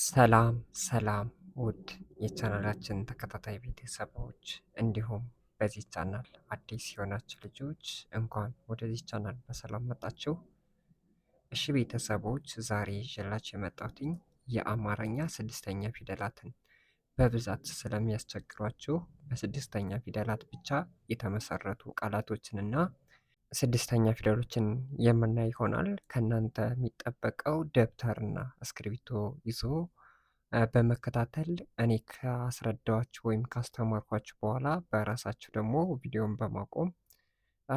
ሰላም ሰላም ውድ የቻናላችን ተከታታይ ቤተሰቦች እንዲሁም በዚህ ቻናል አዲስ የሆናችሁ ልጆች እንኳን ወደዚህ ቻናል በሰላም መጣችሁ። እሺ ቤተሰቦች ዛሬ ይዤላችሁ የመጣሁትኝ የአማርኛ ስድስተኛ ፊደላትን በብዛት ስለሚያስቸግሯችሁ በስድስተኛ ፊደላት ብቻ የተመሰረቱ ቃላቶችንና ስድስተኛ ፊደሎችን የምናይ ይሆናል። ከእናንተ የሚጠበቀው ደብተርና እስክሪብቶ ይዞ በመከታተል እኔ ካስረዳዋችሁ ወይም ካስተማርኳችሁ በኋላ በራሳችሁ ደግሞ ቪዲዮን በማቆም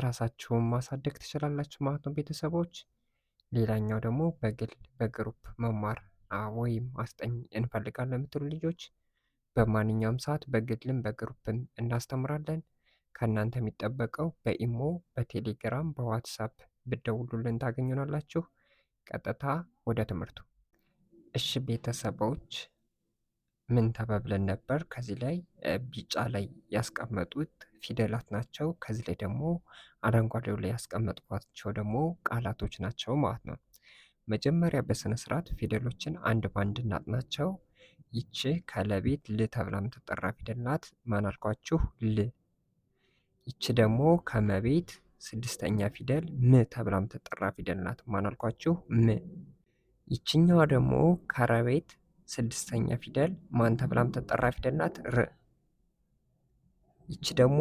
ራሳችሁን ማሳደግ ትችላላችሁ ማለት ነው ቤተሰቦች። ሌላኛው ደግሞ በግል በግሩፕ መማር ወይም አስጠኝ እንፈልጋለን የምትሉ ልጆች በማንኛውም ሰዓት በግልም በግሩፕም እናስተምራለን። ከእናንተ የሚጠበቀው በኢሞ፣ በቴሌግራም፣ በዋትሳፕ ብደውሉልን ታገኙናላችሁ። ቀጥታ ወደ ትምህርቱ። እሺ ቤተሰቦች ምን ተባብለን ነበር? ከዚህ ላይ ቢጫ ላይ ያስቀመጡት ፊደላት ናቸው። ከዚህ ላይ ደግሞ አረንጓዴው ላይ ያስቀመጥኳቸው ደግሞ ቃላቶች ናቸው ማለት ነው። መጀመሪያ በስነ ስርዓት ፊደሎችን አንድ ባንድ እናጥናቸው። ይቺ ከለቤት ል ተብላ የምትጠራ ፊደል ናት። ማን አልኳችሁ? ል ይች ደግሞ ከመቤት ስድስተኛ ፊደል ም ተብላ የምትጠራ ፊደል ናት። ማናልኳችሁ አልኳችሁ? ም። ይችኛዋ ደግሞ ከረቤት ስድስተኛ ፊደል ማን ተብላ የምትጠራ ፊደል ናት? ር። ይች ደግሞ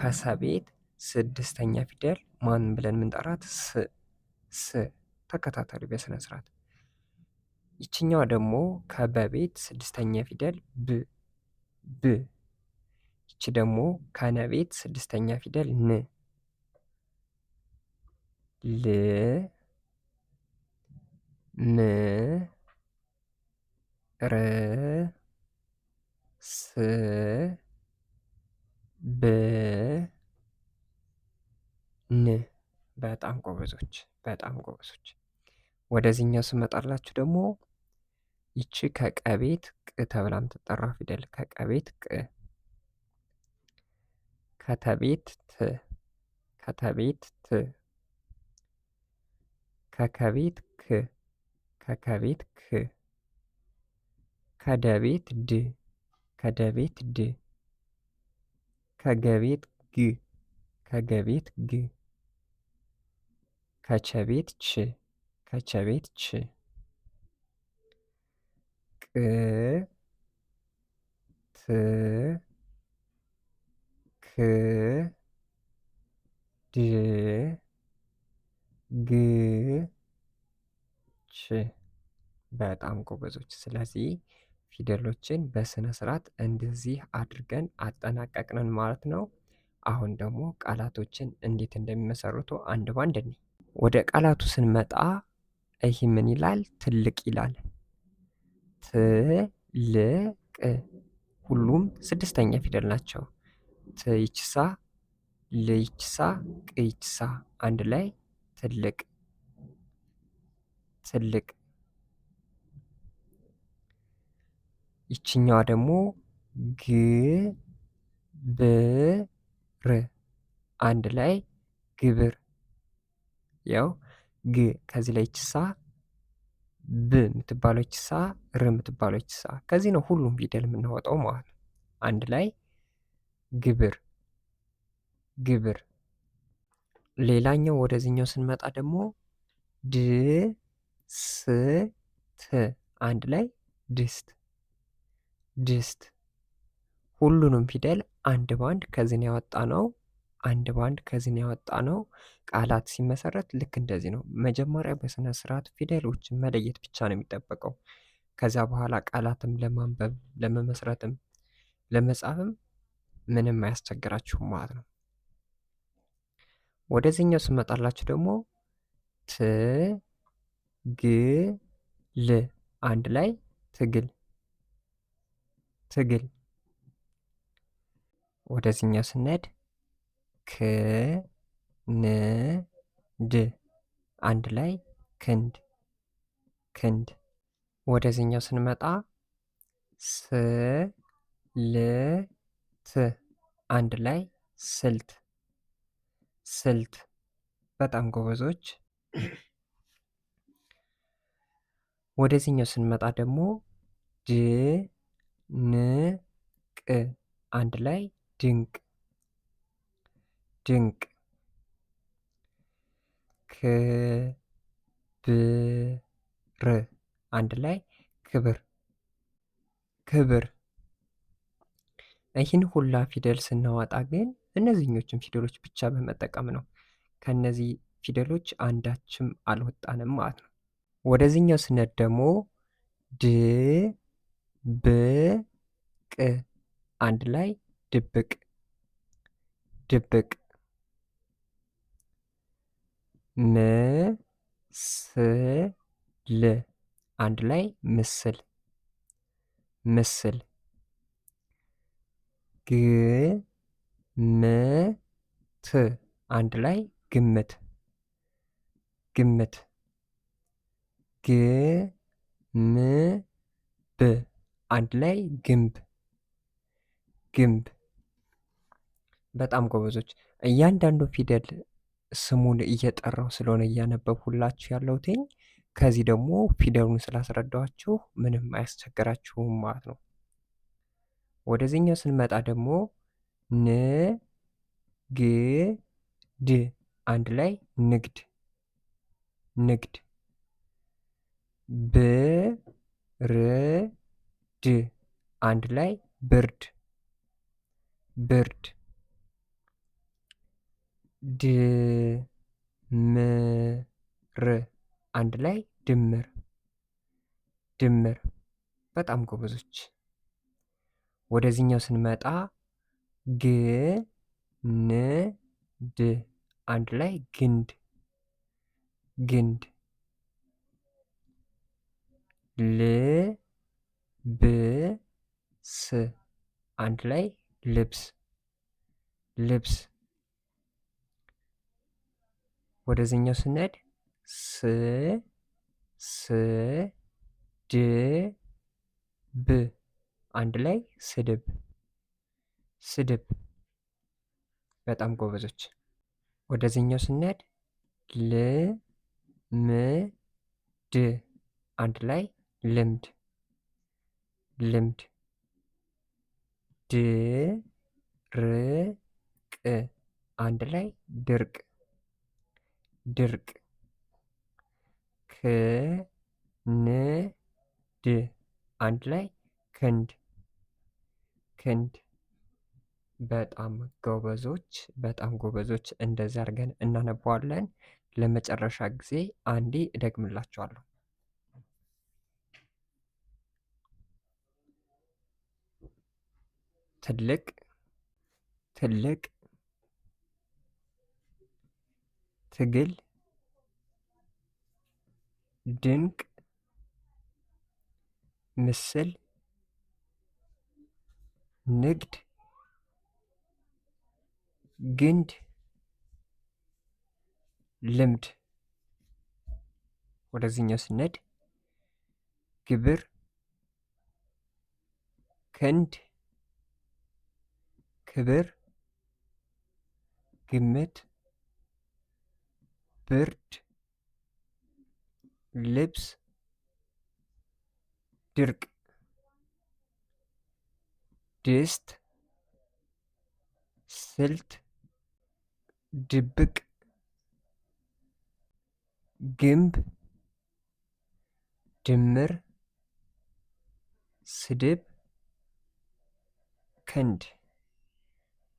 ከሰቤት ስድስተኛ ፊደል ማን ብለን የምንጠራት? ስ። ስ። ተከታተሉ በስነ ስርዓት። ይችኛዋ ደግሞ ከበቤት ስድስተኛ ፊደል ብ ብ ይች ደግሞ ከነ ቤት ስድስተኛ ፊደል ን ል ም ር ስ ብ ን በጣም ጎበዞች፣ በጣም ጎበዞች። ወደዚህኛው ስመጣላችሁ ደግሞ ይቺ ከቀቤት ቅ ተብላ የምትጠራ ፊደል ከቀቤት ቅ ከተቤት ት ከተቤት ት ከከቤት ክ ከከቤት ክ ከደቤት ድ ከደቤት ድ ከገቤት ግ ከገቤት ግ ከቸቤት ች ከቸቤት ች ቅ ት ህ ድ ግ ች በጣም ጎበዞች። ስለዚህ ፊደሎችን በስነ ስርዓት እንደዚህ አድርገን አጠናቀቅነን ማለት ነው። አሁን ደግሞ ቃላቶችን እንዴት እንደሚመሰርቱ አንድ ባንድ እኔ ወደ ቃላቱ ስንመጣ ይህ ምን ይላል? ትልቅ ይላል። ትልቅ ሁሉም ስድስተኛ ፊደል ናቸው። ትይችሳ ልይችሳ ቅይችሳ አንድ ላይ ትልቅ ትልቅ። ይችኛዋ ደግሞ ግ ር አንድ ላይ ግብር። ያው ግ ከዚህ ላይ ይችሳ ብ የምትባለው ር ምትባለችሳ ከዚህ ነው ሁሉም ፊደል የምናወጣው ማለት ነው አንድ ላይ ግብር ግብር ሌላኛው ወደዚህኛው ስንመጣ ደግሞ ድስት አንድ ላይ ድስት ድስት ሁሉንም ፊደል አንድ ባንድ ከዚህን ያወጣ ነው። አንድ ባንድ ከዚህን ያወጣ ነው። ቃላት ሲመሰረት ልክ እንደዚህ ነው። መጀመሪያ በስነ ስርዓት ፊደሎችን መለየት ብቻ ነው የሚጠበቀው። ከዛ በኋላ ቃላትም ለማንበብ ለመመስረትም ለመጻፍም ምንም አያስቸግራችሁም ማለት ነው። ወደዚህኛው ስመጣላችሁ ደግሞ ትግል አንድ ላይ ትግል ትግል። ወደዚህኛው ስንሄድ ክንድ አንድ ላይ ክንድ ክንድ። ወደዚህኛው ስንመጣ ስልት አንድ ላይ ስልት ስልት በጣም ጎበዞች። ወደዚህኛው ስንመጣ ደግሞ ድ ን ቅ አንድ ላይ ድንቅ ድንቅ። ክ ብ ር አንድ ላይ ክብር ክብር። ይህን ሁላ ፊደል ስናወጣ ግን እነዚህኞችን ፊደሎች ብቻ በመጠቀም ነው። ከነዚህ ፊደሎች አንዳችም አልወጣንም ማለት ነው። ወደዚህኛው ስነት ደግሞ ድ ብ ቅ አንድ ላይ ድብቅ ድብቅ ም ስ ል አንድ ላይ ምስል ምስል ግምት አንድ ላይ ግምት ግምት ግምብ አንድ ላይ ግንብ ግንብ። በጣም ጎበዞች። እያንዳንዱ ፊደል ስሙን እየጠራው ስለሆነ እያነበብሁላችሁ ያለሁትኝ ከዚህ ደግሞ ፊደሉን ስላስረዳኋችሁ ምንም አያስቸግራችሁም ማለት ነው። ወደዚህኛው ስንመጣ ደግሞ ን ግ ድ አንድ ላይ ንግድ ንግድ ብርድ አንድ ላይ ብርድ ብርድ ድምር አንድ ላይ ድምር ድምር። በጣም ጎበዞች። ወደዚህኛው ስንመጣ ግ ን ድ አንድ ላይ ግንድ ግንድ ል ብ ስ አንድ ላይ ልብስ ልብስ ወደዚህኛው ስንሄድ ስ ስ ድ ብ አንድ ላይ ስድብ ስድብ። በጣም ጎበዞች። ወደዚህኛው ስንሄድ ልምድ አንድ ላይ ልምድ ልምድ። ድርቅ አንድ ላይ ድርቅ ድርቅ። ድ አንድ ላይ ክንድ ክንድ በጣም ጎበዞች በጣም ጎበዞች። እንደዚህ አድርገን እናነበዋለን። ለመጨረሻ ጊዜ አንዴ እደግምላችኋለሁ። ትልቅ ትልቅ ትግል ድንቅ ምስል ንግድ ግንድ ልምድ ወደዚህኛው ስነድ ግብር ክንድ ክብር ግምት ብርድ ልብስ ድርቅ ድስት ስልት ድብቅ ግንብ ድምር ስድብ ክንድ።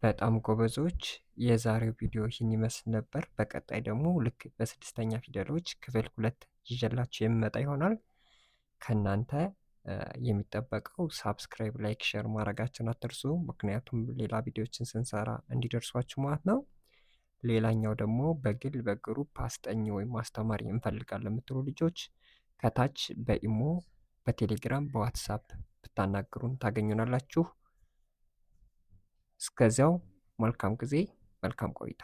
በጣም ጎበዞች። የዛሬው ቪዲዮ ይህን ይመስል ነበር። በቀጣይ ደግሞ ልክ በስድስተኛ ፊደሎች ክፍል ሁለት ይዤላችሁ የምመጣ ይሆናል። ከእናንተ የሚጠበቀው ሳብስክራይብ፣ ላይክ፣ ሼር ማድረጋችን አትርሱ። ምክንያቱም ሌላ ቪዲዮችን ስንሰራ እንዲደርሷችሁ ማለት ነው። ሌላኛው ደግሞ በግል በግሩፕ አስጠኝ ወይም ማስተማሪ እንፈልጋለን የምትሉ ልጆች ከታች በኢሞ በቴሌግራም በዋትሳፕ ብታናግሩን ታገኙናላችሁ። እስከዚያው መልካም ጊዜ፣ መልካም ቆይታ